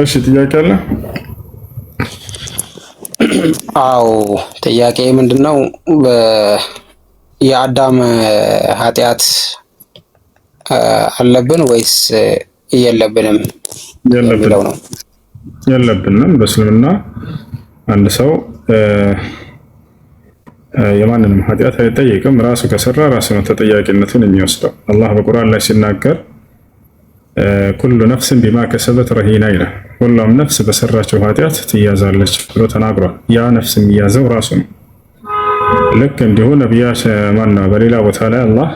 እሺ ጥያቄ አለ? አዎ ጥያቄ ምንድነው? የአዳም ኃጢአት አለብን ወይስ የለብንም? የለብንም ነው የለብንም። በእስልምና አንድ ሰው የማንንም ኃጢአት አይጠይቅም። ራሱ ከሰራ ራሱ ነው ተጠያቂነቱን የሚወስደው። አላህ በቁርአን ላይ ሲናገር ኩሉ ነፍስን ቢማ ከሰበት ረሂና ይላል። ሁሉም ነፍስ በሰራቸው ኃጢአት ትያዛለች ብሎ ተናግሯል። ያ ነፍስ የሚያዘው ራሱ ነው። ልክ እንዲሁ ነቢያት ማና በሌላ ቦታ ላይ አላህ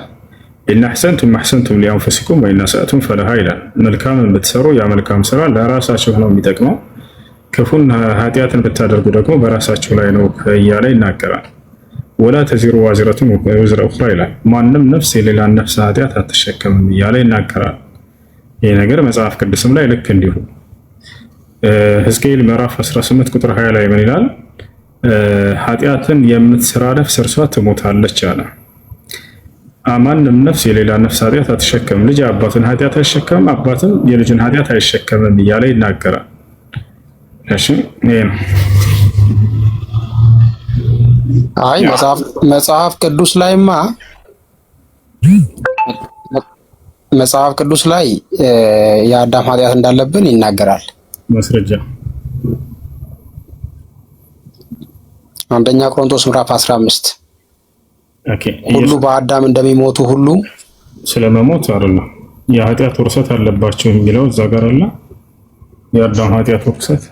ኢነ አሕሰንቱም አሕሰንቱም ሊአንፉሲኩም ወኢነ አስአቱም ፈለሃ ይላል። መልካምን ብትሰሩ ያ መልካም ስራ ለራሳችሁ ነው የሚጠቅመው፣ ክፉን ኃጢአትን ብታደርጉ ደግሞ በራሳችሁ ላይ ነው እያለ ይናገራል። ወላ ተዚሩ ዋዚረቱን ውዝረ ኡኽራ ይላል። ማንም ነፍስ የሌላን ነፍስ ኃጢአት አትሸከምም እያለ ይናገራል። ይህ ነገር መጽሐፍ ቅዱስም ላይ ልክ እንዲሁ ሕዝቅኤል ምዕራፍ 18 ቁጥር 20 ላይ ምን ይላል? ኃጢአትን የምትሰራ ነፍስ እርሷ ትሞታለች አለ። ማንም ነፍስ የሌላ ነፍስ ኃጢአት አትሸከምም። ልጅ አባቱን ኃጢአት አይሸከምም፣ አባትም የልጅን ኃጢአት አይሸከምም እያለ ይናገራል። እሺ ይሄ ነው። አይ መጽሐፍ ቅዱስ ላይማ መጽሐፍ ቅዱስ ላይ የአዳም ኃጢአት እንዳለብን ይናገራል። ማስረጃ አንደኛ ቆሮንቶስ ምዕራፍ 15 ሁሉ በአዳም እንደሚሞቱ ሁሉ ስለመሞት አይደለም። የኃጢአት ውርሰት አለባቸው የሚለው እዛ ጋር አለ። የአዳም ኃጢአት ውርሰት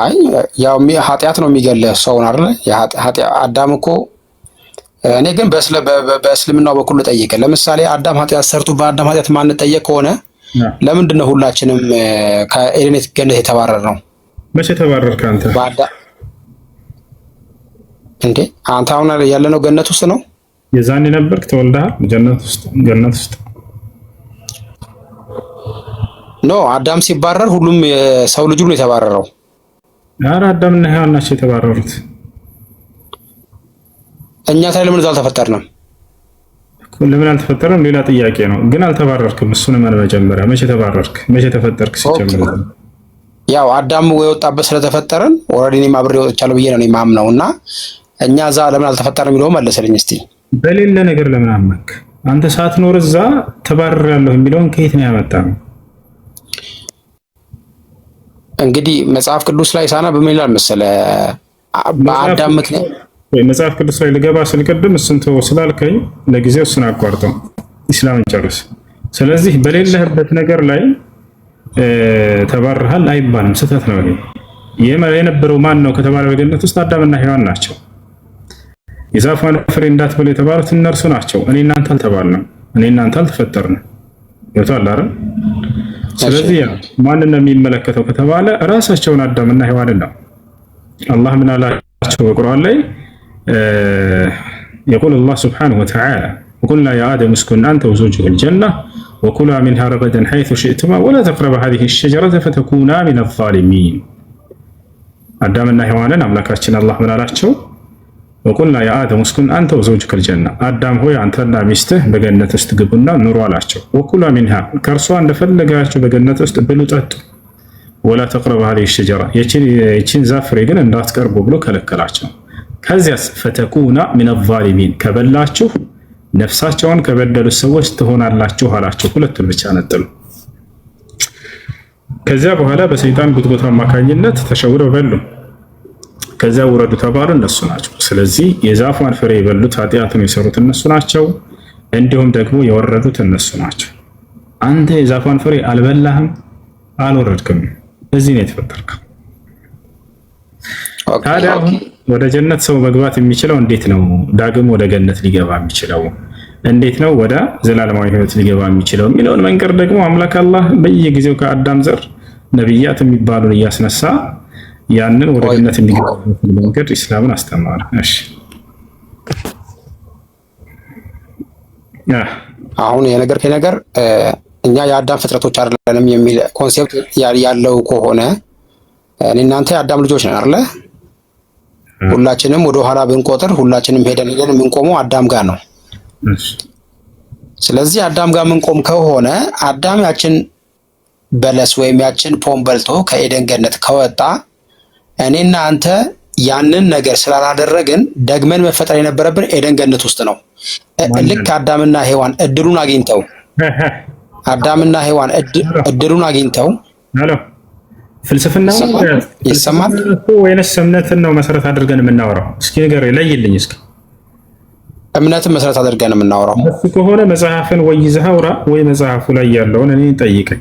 አይ ያው ኃጢአት ነው የሚገለ ሰውን አይደለ? አዳም እኮ እኔ ግን በእስልምናው በኩል ጠየቀ። ለምሳሌ አዳም ኃጢአት ሰርቶ በአዳም ኃጢአት ማንጠየቅ ከሆነ ለምንድን ነው ሁላችንም ከኤሌኔት ገነት የተባረር ነው? መቼ ተባረርክ አንተ? እንዴ አንተ አሁን ያለነው ገነት ውስጥ ነው። የዛን ነበርክ ተወልደሃል ጀነት ውስጥ ገነት ውስጥ ኖ አዳም ሲባረር ሁሉም ሰው ልጁ ሁሉ የተባረረው። አዳምና ሔዋን ናቸው የተባረሩት። እኛ ሳይ ለምን እዛ አልተፈጠርንም? ለምን አልተፈጠረም? ሌላ ጥያቄ ነው። ግን አልተባረርክም። እሱን ማን መጀመሪያ መቼ ተባረርክ? መቼ ተፈጠርክ? ሲጀምር ያው አዳሙ የወጣበት ስለተፈጠረን ኦልሬዲ እኔም አብሬ ወጥቻለሁ ብዬ ነው ማም ነው እና እኛ እዛ ለምን አልተፈጠርንም የሚለው መለሰልኝ። እስቲ በሌለ ነገር ለምን አመንክ? አንተ ሰዓት ኖር እዛ ተባረርያለሁ የሚለውን ከየት ነው ያመጣ ነው? እንግዲህ መጽሐፍ ቅዱስ ላይ ሳና በምን ይላል መሰለህ በአዳም ምክንያት መጽሐፍ ቅዱስ ላይ ልገባ ስል ቅድም ስላልከኝ ለጊዜው እሱን አቋርጠው ኢስላምን ጨርስ። ስለዚህ በሌለህበት ነገር ላይ ተባርሃል አይባልም፣ ስህተት ነው። የነበረው ማን ነው ከተባለ በገነት ውስጥ አዳምና ሔዋን ናቸው። የዛፏን ፍሬ እንዳትበሉ የተባሉት እነርሱ ናቸው። እኔ እናንተ አልተባልንም፣ እኔ እናንተ አልተፈጠርንም። ይወታል አይደል? ስለዚህ ያ ማንን ነው የሚመለከተው ከተባለ ራሳቸውን አዳምና ሔዋንን ነው። አላህ ምን አላቸው በቁርአን ላይ የቁል አላህ ስብሓነሁ ወተዓላ ወቁልና የአደም እስኩን አንተ ወዘውጅከ ልጀና ወኩላ ሚንሃ ረገደን ሐይሱ ሽእቱማ ወላ ተቅረባ ሃዚሂ ሸጀረተ ፈተኩና ሚነ ዛሊሚን። አዳምና ሔዋንን አምላካችን አላህ ምን አላቸው? ወቁልና የአደም እስኩን አንተ ወዘውጅከ ልጀና፣ አዳም ሆይ አንተና ሚስትህ በገነት ውስጥ ግቡና ኑሩ አላቸው። ወኩላ ሚንሃ ከእርሷ እንደፈለጋቸው በገነት ውስጥ ብሉ ጠጡ። ወላ ተቅረባ ሃዚሂ ሸጀራ፣ ይችን ዛፍ ግን እንዳትቀርቡ ብሎ ከለከላቸው። ከዚያስ ፈተኩና ሚነ ዛሊሚን ከበላችሁ ነፍሳቸውን ከበደሉት ሰዎች ትሆናላችሁ አላቸው። ሁለቱን ብቻ ነጥሉ። ከዚያ በኋላ በሰይጣን ጉትጎት አማካኝነት ተሸውደው በሉ። ከዚያ ውረዱ ተባሉ፣ እነሱ ናቸው። ስለዚህ የዛፏን ፍሬ የበሉት ኃጢአቱን የሰሩት እነሱ ናቸው። እንዲሁም ደግሞ የወረዱት እነሱ ናቸው። አንተ የዛፏን ፍሬ አልበላህም፣ አልወረድክም። በዚህ ነው የተፈጠርከው ታዲያ ወደ ጀነት ሰው መግባት የሚችለው እንዴት ነው? ዳግም ወደ ገነት ሊገባ የሚችለው እንዴት ነው? ወደ ዘላለማዊ ህይወት ሊገባ የሚችለው የሚለውን መንገድ ደግሞ አምላክ አላህ በየጊዜው ከአዳም ዘር ነቢያት የሚባሉን እያስነሳ ያንን ወደ ገነት እንዲገባ መንገድ ኢስላምን አስተማረ። እሺ አሁን የነገር ነገር እኛ የአዳም ፍጥረቶች አይደለንም የሚል ኮንሴፕት ያለው ከሆነ እኔ እናንተ የአዳም ልጆች ነን አይደለ? ሁላችንም ወደ ኋላ ብንቆጥር ሁላችንም ሄደን ሄደን የምንቆመው አዳም ጋር ነው። ስለዚህ አዳም ጋር የምንቆም ከሆነ አዳም ያችን በለስ ወይም ያችን ፖም በልቶ ከኤደን ገነት ከወጣ እኔና አንተ ያንን ነገር ስላላደረግን ደግመን መፈጠር የነበረብን ኤደን ገነት ውስጥ ነው። ልክ አዳምና ሔዋን እድሉን አግኝተው አዳምና ሔዋን እድሉን አግኝተው ፍልስፍና ይሰማል ወይንስ እምነትን ነው መሰረት አድርገን የምናወራው? እስኪ ነገር ለይልኝ። እስኪ እምነትን መሰረት አድርገን የምናወራው ከሆነ መጽሐፍን ወይ ይዘህ አውራ ወይ መጽሐፉ ላይ ያለውን እኔ ጠይቀኝ።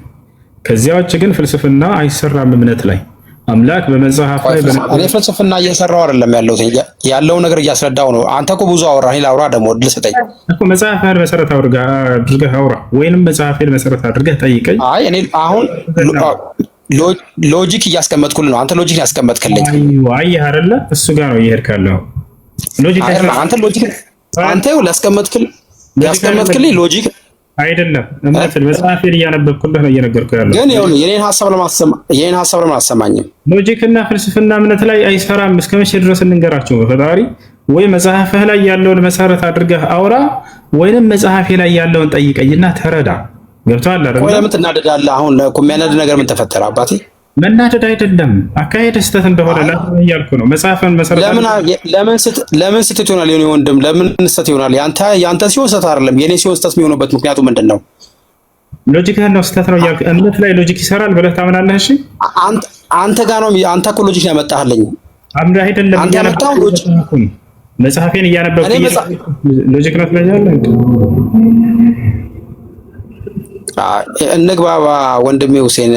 ከዚያ ውጭ ግን ፍልስፍና አይሰራም እምነት ላይ አምላክ በመጽሐፍ እኔ ፍልስፍና እየሰራው አይደለም ያለሁት ያለው ነገር እያስረዳው ነው። አንተ እኮ ብዙ አወራ። እኔ ላውራ ደግሞ እድል ስጠኝ እኮ መሰረት አድርገህ አውራ ወይንም መጽሐፍህን መሰረት አድርገህ ጠይቀኝ። አይ እኔ አሁን ሎጂክ እያስቀመጥኩል ነው። አንተ ሎጂክ ያስቀመጥክልኝ አየህ አይደለ? እሱ ጋር ነው እየሄድክ ያለው። አንተ ሎጂክ አንተ ላስቀመጥክል ያስቀመጥክልኝ ሎጂክ አይደለም እምነት መጽሐፍ እያነበብኩልህ ነው እየነገርኩህ ያለው። ግን ይሁን የኔን ሀሳብ ለማሰማ የኔን ሐሳብ ለማሰማኝም ሎጂክና ፍልስፍና እምነት ላይ አይሰራም። እስከ መቼ ድረስ እንንገራቸው? በፈጣሪ ወይ መጽሐፍህ ላይ ያለውን መሰረት አድርገህ አውራ፣ ወይንም መጽሐፌ ላይ ያለውን ጠይቀኝና ተረዳ። ገብተዋል አይደል? ለምን ትናደዳለህ? አሁን የሚያናድድ ነገር ምን ተፈጠረ አባቴ? መናደድ አይደለም አካሄድ ስህተት እንደሆነ እያልኩ ነው። መጽሐፍን መሰረት ለምን ስህተት ይሆናል? የኔ ወንድም ለምን ስህተት ይሆናል? ያንተ ሲሆን ስህተት አይደለም፣ የኔ ሲሆን ስህተት የሚሆንበት ምክንያቱ ምንድን ነው? ሎጂክ ያለው ስህተት ነው እያልኩ እምነት ላይ ሎጂክ ይሰራል ብለህ ታምናለህ? እሺ አንተ ጋር ነው። አንተ እኮ ሎጂክ ነው ያመጣህልኝ። አምዳ አይደለም ያመጣው ሎጂክ መጽሐፌን እያነበብኩ ሎጂክ ነው ትለኛለህ እንግባባ ወንድሜ ሁሴን፣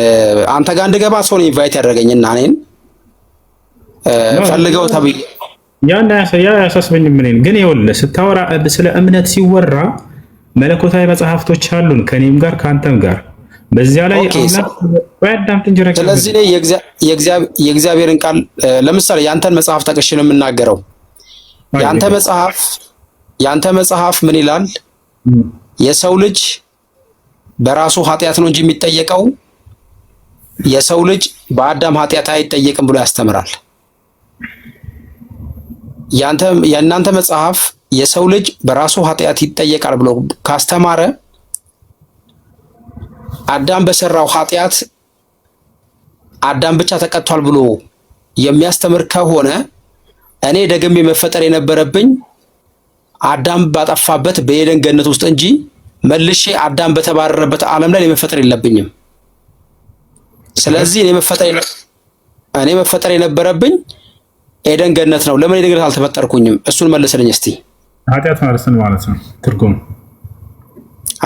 አንተ ጋር እንድገባ ሰው ኢንቫይት ያደረገኝ እና እኔን ፈልገው ተብዬ ያን ያ ያሳስበኝ ምን ግን ይኸውልህ፣ ስታወራ ስለ እምነት ሲወራ መለኮታዊ መጽሐፍቶች አሉን ከኔም ጋር ከአንተም ጋር በዚያ ላይ ስለዚህ የእግዚአብሔርን ቃል ለምሳሌ ያንተን መጽሐፍ ጠቅሼ ነው የምናገረው። ያንተ መጽሐፍ ያንተ መጽሐፍ ምን ይላል? የሰው ልጅ በራሱ ኃጢአት ነው እንጂ የሚጠየቀው የሰው ልጅ በአዳም ኃጢአት አይጠየቅም ብሎ ያስተምራል። የእናንተ መጽሐፍ የሰው ልጅ በራሱ ኃጢአት ይጠየቃል ብሎ ካስተማረ አዳም በሰራው ኃጢአት አዳም ብቻ ተቀጥቷል ብሎ የሚያስተምር ከሆነ እኔ ደግሜ መፈጠር የነበረብኝ አዳም ባጠፋበት በኤደን ገነት ውስጥ እንጂ መልሼ አዳም በተባረረበት ዓለም ላይ መፈጠር የለብኝም። ስለዚህ እኔ መፈጠር የነበረብኝ ኤደን ገነት ነው። ለምን ኤደን ገነት አልተፈጠርኩኝም? እሱን መልስልኝ እስቲ። ኃጢአት ማለትን ማለት ነው ትርጉም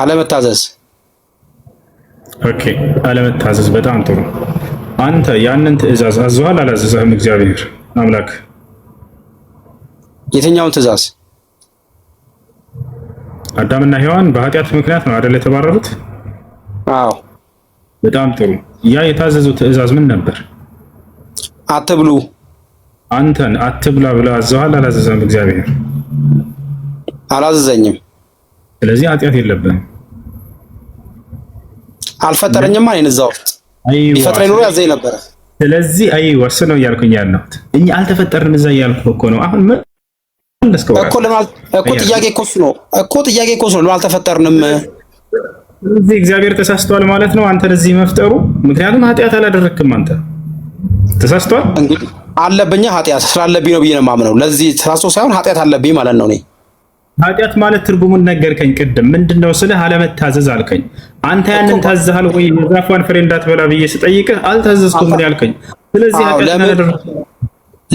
አለመታዘዝ። ኦኬ አለመታዘዝ። በጣም ጥሩ። አንተ ያንን ትእዛዝ አዝኋል አላዘዘህም? እግዚአብሔር አምላክ የትኛውን ትእዛዝ አዳምና ሔዋን በኃጢአት ምክንያት ነው አደል የተባረሩት? አዎ። በጣም ጥሩ። ያ የታዘዘው ትዕዛዝ ምን ነበር? አትብሉ። አንተን አትብላ ብለህ አዘዋል። አላዘዘም? እግዚአብሔር አላዘዘኝም። ስለዚህ ኃጢአት የለብህም። አልፈጠረኝም። አይን እዛ ውስጥ ቢፈጥረኝ ኑሮ ያዘኝ ነበረ። ስለዚህ አይ ወስነው እያልኩኝ ያለሁት እኛ አልተፈጠርንም እዛ እያልኩ እኮ ነው አሁን ምን እኮ ጥያቄ እኮ እሱ ነው እኮ ጥያቄ እኮ እሱ ነው። አልተፈጠርንም። እዚህ እግዚአብሔር ተሳስቷል ማለት ነው አንተ ለዚህ መፍጠሩ። ምክንያቱም ኃጢአት አላደረክም አንተ ተሳስቷል። እንግዲህ አለብኛ ኃጢአት ስላለብኝ ነው ብዬ ነው የማምነው። ለዚህ ተሳስቶ ሳይሆን ኃጢአት አለብኝ ማለት ነው እኔ ኃጢአት ማለት ትርጉሙን ነገርከኝ። ቅድም ምንድን ነው ስልህ አለመታዘዝ አልከኝ። አንተ ያንን ታዘሃል ወይ የዛፏን ፍሬ እንዳትበላ ብዬ ስጠይቅህ አልታዘዝኩም ያልከኝ። ስለዚህ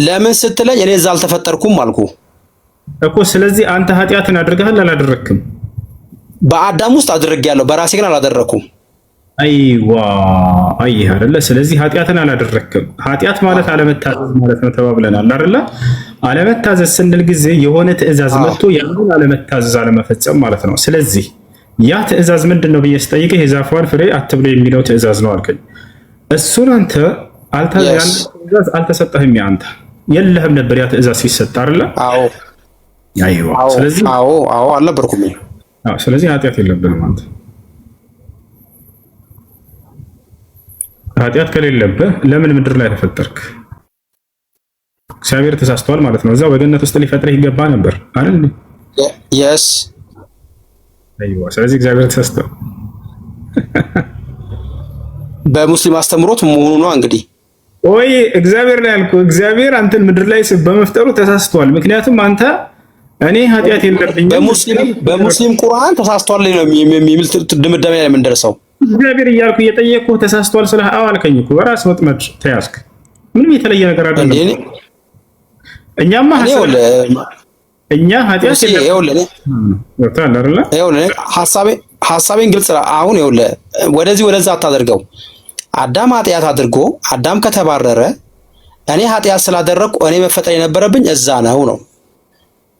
ለምን ስትለኝ እኔ እዛ አልተፈጠርኩም አልኩ። እኮ ስለዚህ አንተ ኃጢአትን አድርገሃል አላደረክም? በአዳም ውስጥ አድርጌያለሁ፣ በራሴ ግን አላደረኩም። አይዋ አይ አይደለ? ስለዚህ ኃጢአትን አላደረክም። ኃጢአት ማለት አለመታዘዝ ማለት ነው ተባብለናል አይደለ? አለመታዘዝ ስንል ጊዜ የሆነ ትዕዛዝ መጥቶ ያንን አለመታዘዝ አለመፈጸም ማለት ነው። ስለዚህ ያ ትዕዛዝ ምንድን ነው ብዬ ስጠይቅህ የዛፏን ፍሬ አትብሎ የሚለው ትዕዛዝ ነው አልከኝ። እሱን አንተ አልተሰጠህም፣ ያንተ የለህም ነበር ያ ትዕዛዝ ሲሰጥ አይደለ? አዎ አዎ አልነበርኩም። ስለዚህ ኃጢአት የለብንም። አንተ ኃጢአት ከሌለብህ ለምን ምድር ላይ ተፈጠርክ? እግዚአብሔር ተሳስተዋል ማለት ነው። እዛ በገነት ውስጥ ሊፈጥረህ ይገባ ነበር አይደል? የስ አይዋ። ስለዚህ እግዚአብሔር ተሳስተዋል በሙስሊም አስተምሮት መሆኑ ነው እንግዲህ ወይ እግዚአብሔር ላይ ያልኩህ እግዚአብሔር አንተን ምድር ላይ በመፍጠሩ ተሳስተዋል። ምክንያቱም አንተ እኔ ኃጢአት የለብኝም። በሙስሊም ቁርአን ተሳስቷል ነው የሚል ድምዳሜ ላይ የምንደርሰው። እግዚአብሔር እያልኩ እየጠየቅኩ ተሳስቷል ስለ አዎ አልከኝ እኮ በራስ ወጥመድ ተያዝክ። ምንም የተለየ ነገር አይደለም። እኛማ እኛ ኃጢአት የለብኝም። ሀሳቤን ግልጽ አሁን ይውለ ወደዚህ ወደዛ አታደርገው። አዳም ኃጢአት አድርጎ አዳም ከተባረረ እኔ ኃጢአት ስላደረግኩ እኔ መፈጠር የነበረብኝ እዛ ነው ነው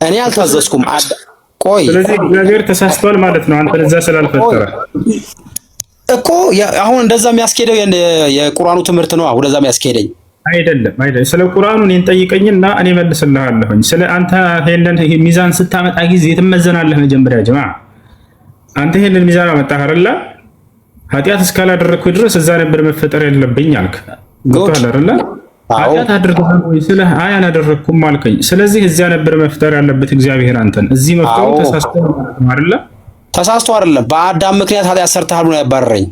እኔ አልታዘዝኩም። ቆይ ስለዚህ እግዚአብሔር ተሳስቷል ማለት ነው። አንተ ለዛ ስላልፈጠረ እኮ አሁን እንደዛ የሚያስኬደው የቁርአኑ ትምህርት ነው። አሁን ወደዛ የሚያስኬደኝ አይደለም አይደለም። ስለ ቁርአኑ እኔን ጠይቀኝና እኔ መልስልሃለሁኝ። ስለ አንተ ይሄንን ሚዛን ስታመጣ ጊዜ ትመዘናለህ። መጀመሪያ ጅማ አንተ ይሄንን ሚዛን አመጣህ አይደለ? ኃጢአት እስካላደረግኩ ድረስ እዛ ነበር መፈጠር ያለብኝ አልክ። ገብቶሃል አይደለ? ኃጢአት አድርገሃል ወይ ስለ አይ አላደረግኩም አልከኝ። ስለዚህ እዚያ ነበር መፍጠር ያለበት እግዚአብሔር አንተን እዚህ መፍጠሩ ተሳስቶ አይደለ? ተሳስቶ አይደለም። በአዳም ምክንያት ኃጢአት ሰርተሃል ብሎ ያባረረኝ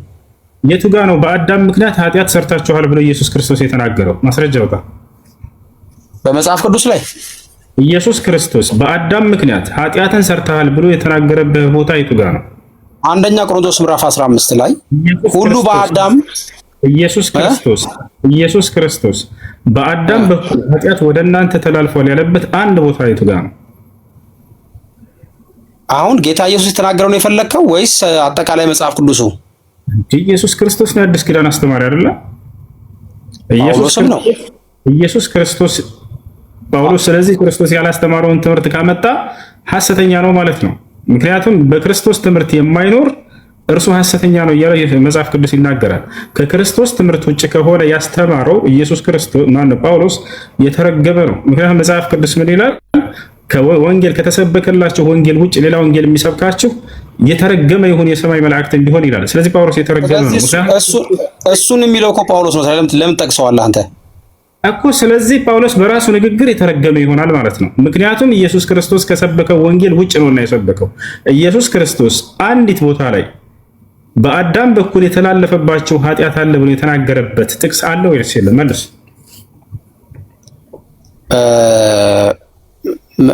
የቱ ጋ ነው? በአዳም ምክንያት ኃጢአት ሰርታችኋል ብሎ ኢየሱስ ክርስቶስ የተናገረው ማስረጃው ጋር በመጽሐፍ ቅዱስ ላይ ኢየሱስ ክርስቶስ በአዳም ምክንያት ኃጢአትን ሰርተሃል ብሎ የተናገረበት ቦታ የቱ ጋ ነው? አንደኛ ቆሮንቶስ ምዕራፍ 15 ላይ ሁሉ በአዳም ኢየሱስ ክርስቶስ ኢየሱስ ክርስቶስ በአዳም በኩል ኃጢአት ወደ እናንተ ተላልፏል ያለበት አንድ ቦታ የቱ ጋር ነው? አሁን ጌታ ኢየሱስ የተናገረው ነው የፈለግከው ወይስ አጠቃላይ መጽሐፍ ቅዱሱ? ኢየሱስ ክርስቶስ ነው አዲስ ኪዳን አስተማሪ አይደለ? ኢየሱስ ክርስቶስ ጳውሎስ። ስለዚህ ክርስቶስ ያላስተማረውን ትምህርት ካመጣ ሐሰተኛ ነው ማለት ነው። ምክንያቱም በክርስቶስ ትምህርት የማይኖር እርሱ ሐሰተኛ ነው እያለ መጽሐፍ ቅዱስ ይናገራል። ከክርስቶስ ትምህርት ውጭ ከሆነ ያስተማረው ኢየሱስ ክርስቶስ ማነው? ጳውሎስ የተረገመ ነው። ምክንያቱም መጽሐፍ ቅዱስ ምን ይላል? ከወንጌል ከተሰበከላችሁ ወንጌል ውጭ ሌላ ወንጌል የሚሰብካችሁ የተረገመ ይሁን የሰማይ መላእክትን ቢሆን ይላል። ስለዚህ ጳውሎስ የተረገመ ነው። እሱን የሚለው እኮ ጳውሎስ ነው። ለምን ጠቅሰዋለህ አንተ እኮ? ስለዚህ ጳውሎስ በራሱ ንግግር የተረገመ ይሆናል ማለት ነው። ምክንያቱም ኢየሱስ ክርስቶስ ከሰበከው ወንጌል ውጭ ነውና የሰበከው ኢየሱስ ክርስቶስ አንዲት ቦታ ላይ በአዳም በኩል የተላለፈባቸው ኃጢአት አለ ብሎ የተናገረበት ጥቅስ አለ ወይስ የለም? መልሱ።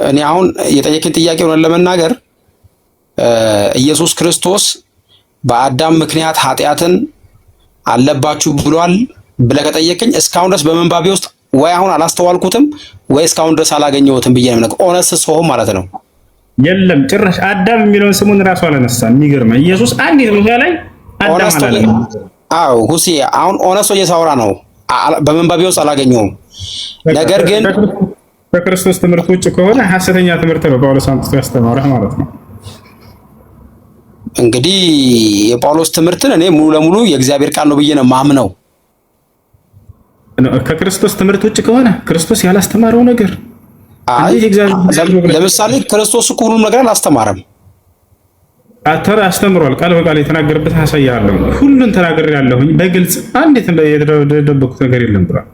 እኔ አሁን የጠየቅን ጥያቄ ሆነን ለመናገር ኢየሱስ ክርስቶስ በአዳም ምክንያት ኃጢአትን አለባችሁ ብሏል ብለህ ከጠየቅኝ እስካሁን ድረስ በመንባቤ ውስጥ ወይ አሁን አላስተዋልኩትም ወይ እስካሁን ድረስ አላገኘሁትም ብዬ ነው የምነግርህ። ኦነስ ስሆን ማለት ነው የለም ጭራሽ አዳም የሚለውን ስሙን ራሱ አላነሳ። የሚገርመ ኢየሱስ አንድ ቦታ ላይ አዳም አላለ። አዎ ሁሴ አሁን ኦነስቶ እየሳውራ ነው። በመንባቤ ውስጥ አላገኘውም። ነገር ግን ከክርስቶስ ትምህርት ውጭ ከሆነ ሐሰተኛ ትምህርት ነው ጳውሎስ አንስቶ ያስተማረህ ማለት ነው። እንግዲህ የጳውሎስ ትምህርትን እኔ ሙሉ ለሙሉ የእግዚአብሔር ቃል ነው ብዬ ነው ማምነው። ከክርስቶስ ትምህርት ውጭ ከሆነ ክርስቶስ ያላስተማረው ነገር ለምሳሌ ክርስቶስ እኮ ሁሉም ነገር አላስተማረም። አተር አስተምሯል። ቃል በቃል የተናገረበት አሳያለሁ። ሁሉን ተናገር ያለሁኝ በግልጽ አንዴት እንደ የተደበኩት ነገር የለም ብሏል።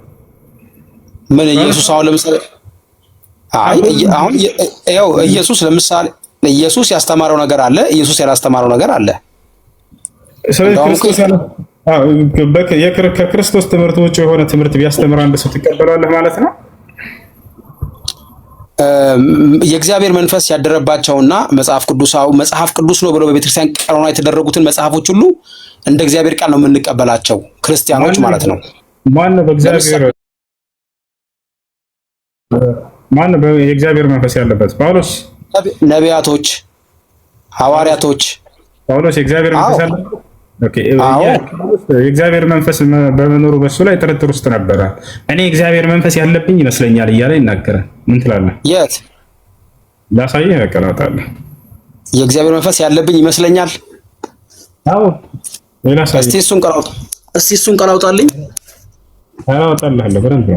ምን ኢየሱስ አሁን ለምሳሌ አይ አሁን ያው ኢየሱስ ለምሳሌ ኢየሱስ ያስተማረው ነገር አለ፣ ኢየሱስ ያላስተማረው ነገር አለ። ስለዚህ ክርስቶስ ከክርስቶስ ትምህርት ውጭ የሆነ ትምህርት ቢያስተምር አንድ ሰው ትቀበላለህ ማለት ነው። የእግዚአብሔር መንፈስ ያደረባቸውና መጽሐፍ ቅዱሳው መጽሐፍ ቅዱስ ነው ብለው በቤተክርስቲያን ቀኖና የተደረጉትን መጽሐፎች ሁሉ እንደ እግዚአብሔር ቃል ነው የምንቀበላቸው ክርስቲያኖች ማለት ነው። ማን የእግዚአብሔር መንፈስ ያለበት? ጳውሎስ፣ ነቢያቶች፣ ሐዋርያቶች። ጳውሎስ የእግዚአብሔር መንፈስ ያለበት የእግዚአብሔር መንፈስ በመኖሩ በሱ ላይ ጥርጥር ውስጥ ነበረ። እኔ እግዚአብሔር መንፈስ ያለብኝ ይመስለኛል እያለ ይናገረ። ምን ትላለህ? የት ላሳየህ? እቀላጣለሁ። የእግዚአብሔር መንፈስ ያለብኝ ይመስለኛል። አዎ፣ እስቲ እሱን ቀላውጣ፣ እስቲ እሱን ቀላውጣልኝ። አወጣልሃለሁ። በደንብ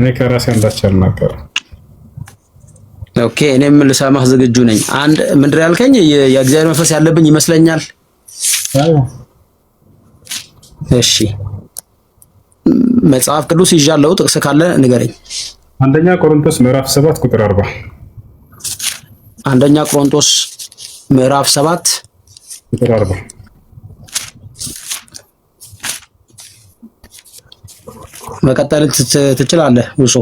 እኔ ከራሴ አንዳች አልናገርም። ኦኬ፣ እኔም ልሰማህ ዝግጁ ነኝ። አንድ ምንድን ያልከኝ የእግዚአብሔር መንፈስ ያለብኝ ይመስለኛል። አዎ እሺ መጽሐፍ ቅዱስ ይዣለው ጥቅስ ካለ ንገረኝ። አንደኛ ቆሮንቶስ ምዕራፍ 7 ቁጥር 40። አንደኛ ቆሮንቶስ ምዕራፍ 7 ቁጥር 40። መቀጠል ትችላለህ። ውጹ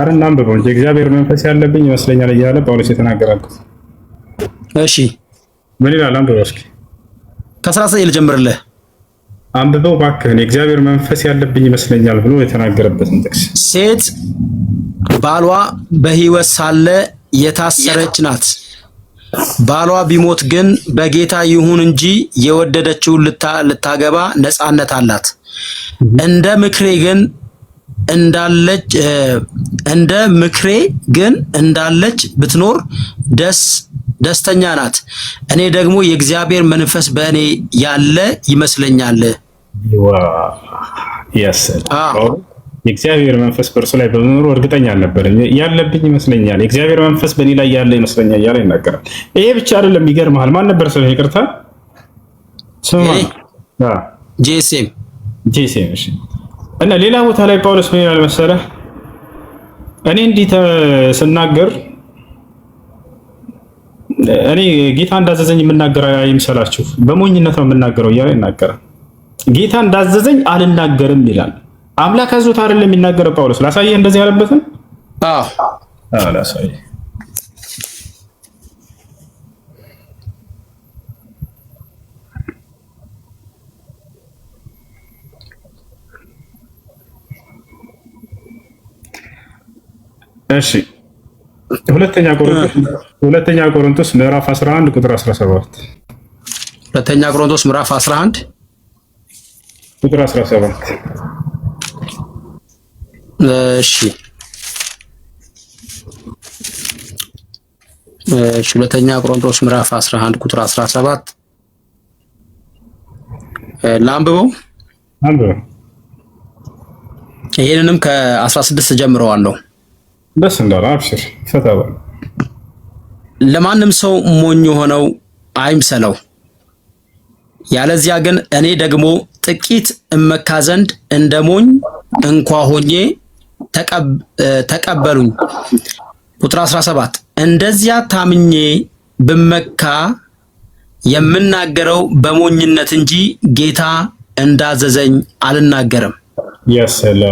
አረና አንብበው እንጂ እግዚአብሔር መንፈስ ያለብኝ ይመስለኛል እያለ ጳውሎስ የተናገራበት። እሺ ምን ይላል? አንብበው እስኪ ከ19 ልጀምርልህ አንብበው እባክህን የእግዚአብሔር መንፈስ ያለብኝ ይመስለኛል ብሎ የተናገረበትን ጥቅስ። ሴት ባሏ በህይወት ሳለ የታሰረች ናት። ባሏ ቢሞት ግን በጌታ ይሁን እንጂ የወደደችውን ልታገባ ነፃነት አላት። እንደ ምክሬ ግን እንዳለች እንደ ምክሬ ግን እንዳለች ብትኖር ደስ ደስተኛ ናት። እኔ ደግሞ የእግዚአብሔር መንፈስ በእኔ ያለ ይመስለኛል። የእግዚአብሔር መንፈስ በእርሱ ላይ በመኖሩ እርግጠኛ አልነበረም። ያለብኝ ይመስለኛል፣ የእግዚአብሔር መንፈስ በእኔ ላይ ያለ ይመስለኛል እያለ ይናገራል። ይሄ ብቻ አይደለም። ይገርምሃል። ማን ነበር ስለ ይቅርታ ጄሴም ጄሴም። እሺ። እና ሌላ ቦታ ላይ ጳውሎስ ምን ይላል መሰለህ? እኔ እንዲህ ስናገር እኔ ጌታ እንዳዘዘኝ የምናገር አይምሰላችሁ፣ በሞኝነት ነው የምናገረው እያለ ይናገራል። ጌታ እንዳዘዘኝ አልናገርም ይላል። አምላክ አዞት አይደለም የሚናገረው ጳውሎስ። ላሳየ እንደዚህ ያለበትን እሺ ሁለተኛ ቆሮንቶስ ሁለተኛ ቆሮንቶስ ምዕራፍ 11 ቁጥር 17 ሁለተኛ ቆሮንቶስ ምዕራፍ 11 ቁጥር 17 እሺ እሺ ሁለተኛ ቆሮንቶስ ምዕራፍ 11 ቁጥር 17 ላንብበው አንብበው። ይሄንንም ከ16 ጀምረዋለሁ። ደስ እንዳለ አብሽር ፈታባ ለማንም ሰው ሞኝ የሆነው አይምሰለው ያለዚያ ግን እኔ ደግሞ ጥቂት እመካ ዘንድ እንደ ሞኝ እንኳ ሆኜ ተቀበሉኝ። ቁጥር 17 እንደዚያ ታምኜ ብመካ የምናገረው በሞኝነት እንጂ ጌታ እንዳዘዘኝ አልናገርም። የሰላ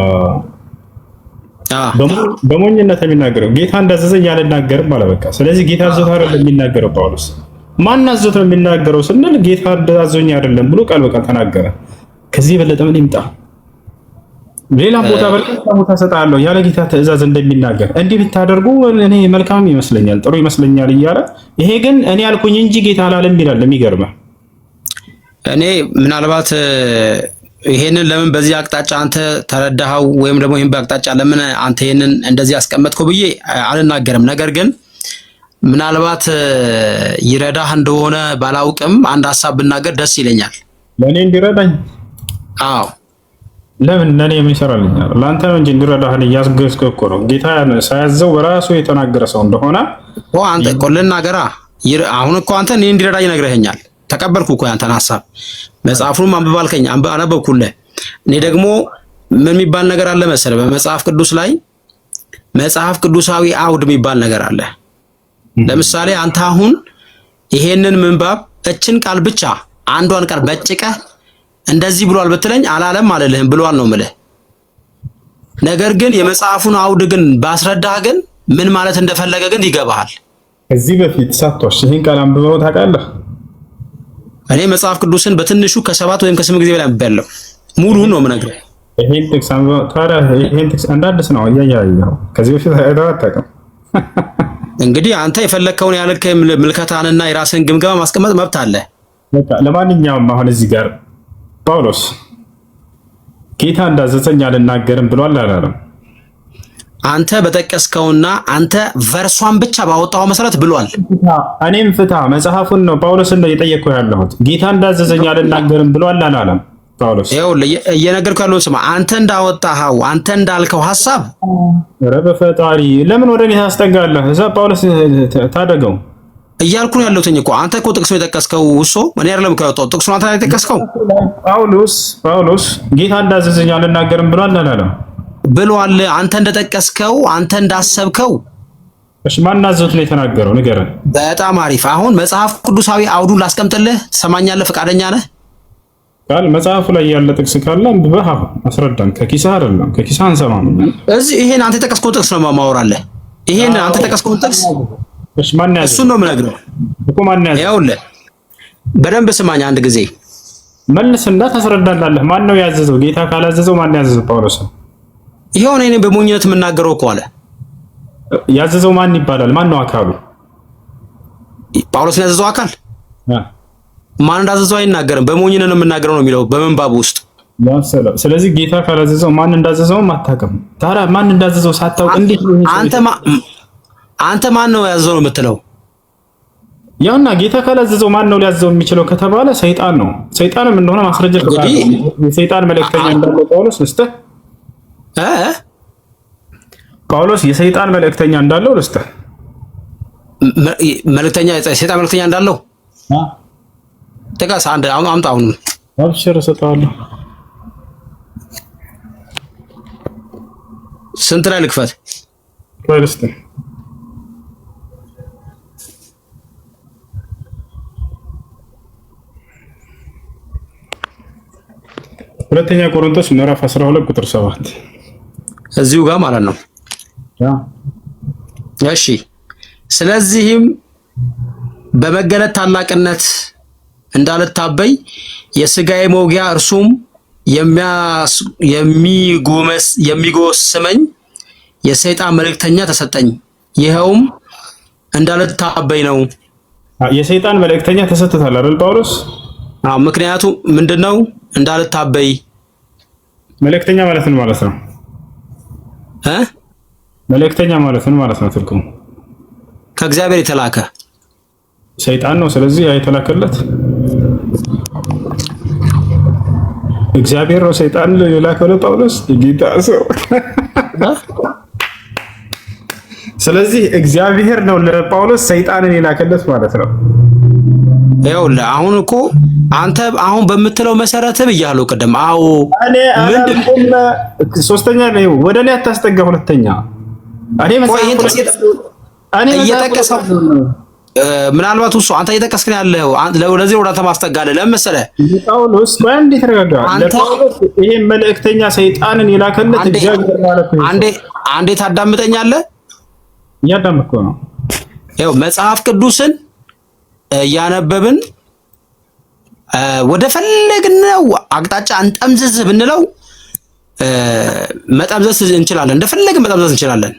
በሞኝነት የሚናገረው ጌታ እንዳዘዘኝ አልናገርም አለ። በቃ ስለዚህ ጌታ አዘዘ አይደለም የሚናገረው ጳውሎስ ማን አዞት ነው የሚናገረው ስንል ጌታ አዞኝ አይደለም ብሎ ቃል በቃል ተናገረ። ከዚህ የበለጠ ምን ይምጣ? ሌላ ቦታ በርካታ ቦታ ሰጣለሁ ያለ ጌታ ትእዛዝ እንደሚናገር እንዲህ ብታደርጉ እኔ መልካም ይመስለኛል፣ ጥሩ ይመስለኛል እያለ ይሄ ግን እኔ አልኩኝ እንጂ ጌታ አላለም ይላል። የሚገርመ እኔ ምናልባት ይሄንን ለምን በዚህ አቅጣጫ አንተ ተረዳኸው ወይም ደግሞ ይህን በአቅጣጫ ለምን አንተ ይህንን እንደዚህ ያስቀመጥከው ብዬ አልናገርም። ነገር ግን ምናልባት ይረዳህ እንደሆነ ባላውቅም አንድ ሀሳብ ብናገር ደስ ይለኛል። ለእኔ እንዲረዳኝ? አዎ። ለምን ለእኔ ምን ይሰራልኛል? ለአንተ ነው እንጂ እንዲረዳህን እያስገዝክ እኮ ነው። ጌታ ሳያዘው በራሱ የተናገረ ሰው እንደሆነ አንተ እኮ ልናገራ። አሁን እኮ አንተ እኔ እንዲረዳኝ ነግረኸኛል። ተቀበልኩ እኮ ያንተን ሀሳብ፣ መጽሐፉንም አንብባልከኝ አነበብኩልህ። እኔ ደግሞ ምን የሚባል ነገር አለ መሰለህ በመጽሐፍ ቅዱስ ላይ መጽሐፍ ቅዱሳዊ አውድ የሚባል ነገር አለ ለምሳሌ አንተ አሁን ይሄንን ምንባብ እችን ቃል ብቻ አንዷን ቃል በጭቀህ እንደዚህ ብሏል ብትለኝ አላለም አልልህም፣ ብሏል ነው የምልህ። ነገር ግን የመጽሐፉን አውድ ግን ባስረዳህ ግን ምን ማለት እንደፈለገ ግን ይገባሃል። ከዚህ በፊት ሳትዋሽ ይህን ቃል አንብበው ታውቃለህ? እኔ መጽሐፍ ቅዱስን በትንሹ ከሰባት ወይም ከስምንት ጊዜ በላይ አንብቤያለሁ። ሙሉውን ነው የምነግርህ። ይሄን ጥቅስ አንዳንድ ነው እያየኸው ከዚህ በፊት አይተኸው አታውቅም እንግዲህ አንተ የፈለግከውን ያልከ ምልከታንና የራስን ግምገማ ማስቀመጥ መብት አለ። ለማንኛውም አሁን እዚህ ጋር ጳውሎስ ጌታ እንዳዘዘኝ አልናገርም ብሏል አላለም? አንተ በጠቀስከውና አንተ ቨርሷን ብቻ ባወጣው መሰረት ብሏል። እኔም ፍታ መጽሐፉን ነው ጳውሎስን ነው እየጠየቅኩ ያለሁት። ጌታ እንዳዘዘኝ አልናገርም ብሏል አላለም? ጳውሎስ እየነገርኩህ ያለውን ስማ። አንተ እንዳወጣኸው አንተ እንዳልከው ሀሳብ ኧረ በፈጣሪ ለምን ወደ እኔ ታስጠጋለህ? እዛ ጳውሎስ ታደገው እያልኩ ነው ያለሁት እኮ። አንተ እኮ ጥቅሱን የጠቀስከው እሱ እኔ አይደለም ከወጣው ጥቅሱን አንተ ላይ የጠቀስከው ጳውሎስ ጳውሎስ ጌታ እንዳዘዘኝ አልናገርም ብሏል አላለም? ብሏል። አንተ እንደጠቀስከው አንተ እንዳሰብከው እሺ ማን ማናዘዙት ነው የተናገረው? ንገረን። በጣም አሪፍ። አሁን መጽሐፍ ቅዱሳዊ አውዱን ላስቀምጥልህ፣ ትሰማኛለህ? ፈቃደኛ ነህ? ቃል መጽሐፉ ላይ ያለ ጥቅስ ካለ አንብበህ አስረዳን። ከኪሳ አይደለም ከኪሳ አንሰማም። እዚህ ይሄን አንተ የጠቀስከውን ጥቅስ ነው ማወራለህ። ይሄን አንተ የጠቀስከውን ጥቅስ እሺ፣ ማን ያዘ? እሱን ነው የምነግርህ እኮ ማን ያዘ? ይኸውልህ በደንብ ስማኝ አንድ ጊዜ መልስና ታስረዳላለህ። ማን ነው ያዘዘው? ጌታ ካላዘዘው ማን ያዘዘው? ጳውሎስ ይሄው ነው። እኔ በሞኝነት የምናገረው እኮ አለ። ያዘዘው ማን ይባላል? ማን ነው አካሉ? ጳውሎስ ያዘዘው አካል ማን እንዳዘዘው አይናገርም። በሞኝነ ነው የምናገረው ነው የሚለው በምንባብ ውስጥ ያሰለም። ስለዚህ ጌታ ካላዘዘው ማን እንዳዘዘው አታውቅም። ታዲያ ማን እንዳዘዘው ሳታውቅ እንዴት አንተ አንተ ማን ነው ያዘዘው ነው የምትለው? ያውና ጌታ ካላዘዘው ማን ነው ሊያዘዘው የሚችለው ከተባለ ሰይጣን ነው። ሰይጣንም እንደሆነ ማስረጃ የሰይጣን መልእክተኛ እንዳለ ጳውሎስ ልስጥህ እ ጳውሎስ የሰይጣን መልእክተኛ እንዳለው ልስጥህ መልእክተኛ የሰይጣን መልእክተኛ እንዳለው ጥቀስ። አንድ አምጣ። አሁንም አብሽር እሰጠዋለሁ። ስንት ላይ ልክፈት? ሁለተኛ ቆሮንቶስ ምዕራፍ 12 ቁጥር 7 እዚሁ ጋር ማለት ነው። እሺ ስለዚህም በመገለጥ ታላቅነት እንዳልታበይ የስጋዬ መውጊያ እርሱም የሚጎስመኝ የሰይጣን መልእክተኛ ተሰጠኝ። ይኸውም እንዳልታበይ ነው። የሰይጣን መልእክተኛ ተሰጥቷል አይደል ጳውሎስ? አዎ። ምክንያቱም ምንድነው? እንዳልታበይ መልእክተኛ ማለት ነው ማለት ነው እ መልእክተኛ ማለት ነው ማለት ነው። ትርጉሙ ከእግዚአብሔር የተላከ ሰይጣን ነው። ስለዚህ የተላከለት እግዚአብሔር ነው ሰይጣን ነው የላከው ነው ጳውሎስ ጌታ ሰው። ስለዚህ እግዚአብሔር ነው ለጳውሎስ ሰይጣንን የላከለት ማለት ነው። ይኸውልህ አሁን እኮ አንተ አሁን በምትለው መሰረት ብያለሁ ቅድም። አዎ ሶስተኛ ላይ ወደ ላይ አታስጠጋ። ሁለተኛ እኔ እየጠቀሰው ምናልባት እሱ አንተ እየጠቀስክ ነው ያለው ለዚህ ወደ ተማስተጋለ ማስጠጋለህ ጳውሎስ ቆይ እንዴት ተረጋጋ። ለጳውሎስ ይሄ መልእክተኛ ሰይጣንን የላከለት እግዚአብሔር ማለት ነው። አንዴ አንዴ ታዳምጠኛለህ? እያዳምጥኩ ነው። ያው መጽሐፍ ቅዱስን እያነበብን ወደ ፈለግነው አቅጣጫ እንጠምዝዝ ብንለው መጠምዘዝ እንችላለን፣ እንደፈለግን መጠምዘዝ እንችላለን።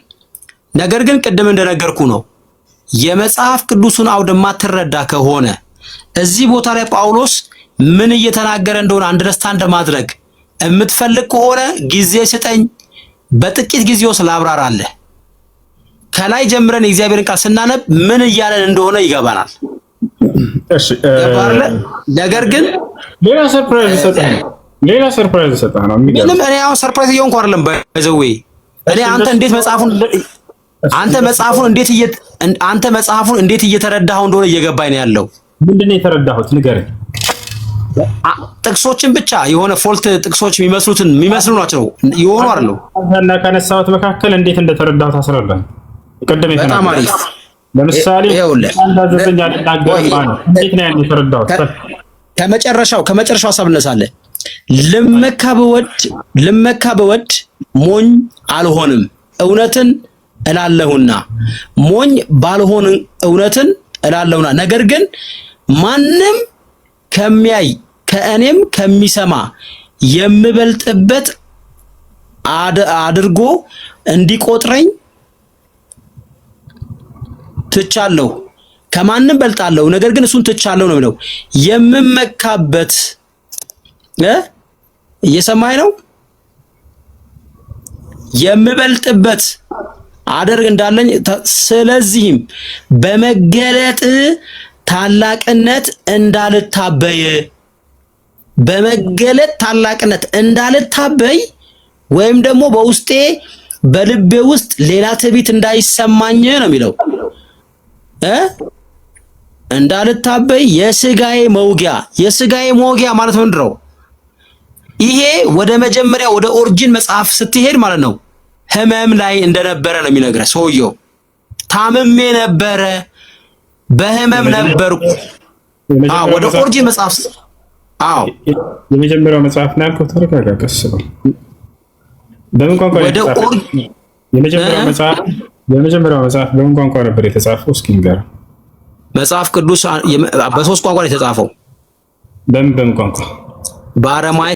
ነገር ግን ቅድም እንደነገርኩ ነው የመጽሐፍ ቅዱሱን አውድማ ትረዳ ከሆነ እዚህ ቦታ ላይ ጳውሎስ ምን እየተናገረ እንደሆነ አንደርስታንድ ለማድረግ እምትፈልግ ከሆነ ጊዜ ስጠኝ፣ በጥቂት ጊዜ ውስጥ ላብራራለህ። ከላይ ጀምረን እግዚአብሔርን ቃል ስናነብ ምን እያለን እንደሆነ ይገባናል። ነገር ግን ሌላ ሰርፕራይዝ ይሰጣል። ሌላ ሰርፕራይዝ ይሰጣል። ምንም እኔ አሁን ሰርፕራይዝ እየሆንኩ አይደለም። ባይዘዌ እኔ አንተ እንዴት መጽሐፉን አንተ መጽሐፉን እንዴት እየ አንተ መጽሐፉን እንዴት እየተረዳኸው እንደሆነ እየገባኝ ነው ያለው። ምንድን ነው የተረዳሁት? ንገረኝ። ጥቅሶችን ብቻ የሆነ ፎልት ጥቅሶች የሚመስሉትን የሚመስሉ ናቸው የሆኑ አሉ። እና ከነሳሁት መካከል እንዴት እንደተረዳሁት አስረዳኝ። ቅድም በጣም አሪፍ ለምሳሌ ታዘዘኛ ልናገር ማለት እንዴት ነው ያን የተረዳሁት? ከመጨረሻው ከመጨረሻው ሀሳብ እነሳለህ። ልመካ በወድ ልመካ በወድ ሞኝ አልሆንም እውነትን እላለሁና ሞኝ ባልሆን እውነትን እላለሁና ነገር ግን ማንም ከሚያይ ከእኔም ከሚሰማ የምበልጥበት አድርጎ እንዲቆጥረኝ ትቻለሁ። ከማንም በልጣለሁ፣ ነገር ግን እሱን ትቻለሁ ነው የሚለው። የምመካበት እየሰማኝ ነው። የምበልጥበት አደርግ እንዳለኝ ስለዚህም በመገለጥ ታላቅነት እንዳልታበይ በመገለጥ ታላቅነት እንዳልታበይ ወይም ደግሞ በውስጤ በልቤ ውስጥ ሌላ ትዕቢት እንዳይሰማኝ ነው የሚለው እ እንዳልታበይ የስጋዬ መውጊያ የስጋዬ መውጊያ ማለት ምንድን ነው? ይሄ ወደ መጀመሪያ ወደ ኦሪጂን መጽሐፍ ስትሄድ ማለት ነው ህመም ላይ እንደነበረ ነው የሚነግረህ ሰውየው። ታምሜ ነበረ፣ በህመም ነበርኩ። ወደ ቆርጂ መጽሐፍ አዎ፣ የመጀመሪያው መጽሐፍ ነው ያልከው። ተረጋጋ፣ ቀስ በል። በምን ቋንቋ ወደ ቆርጂ የመጀመሪያው መጽሐፍ የመጀመሪያው መጽሐፍ በምን ቋንቋ ነበር የተጻፈው? እስኪ ንገረኝ። መጽሐፍ ቅዱስ በሶስት ቋንቋ ነው የተጻፈው። በምን በምን ቋንቋ? በአረማይ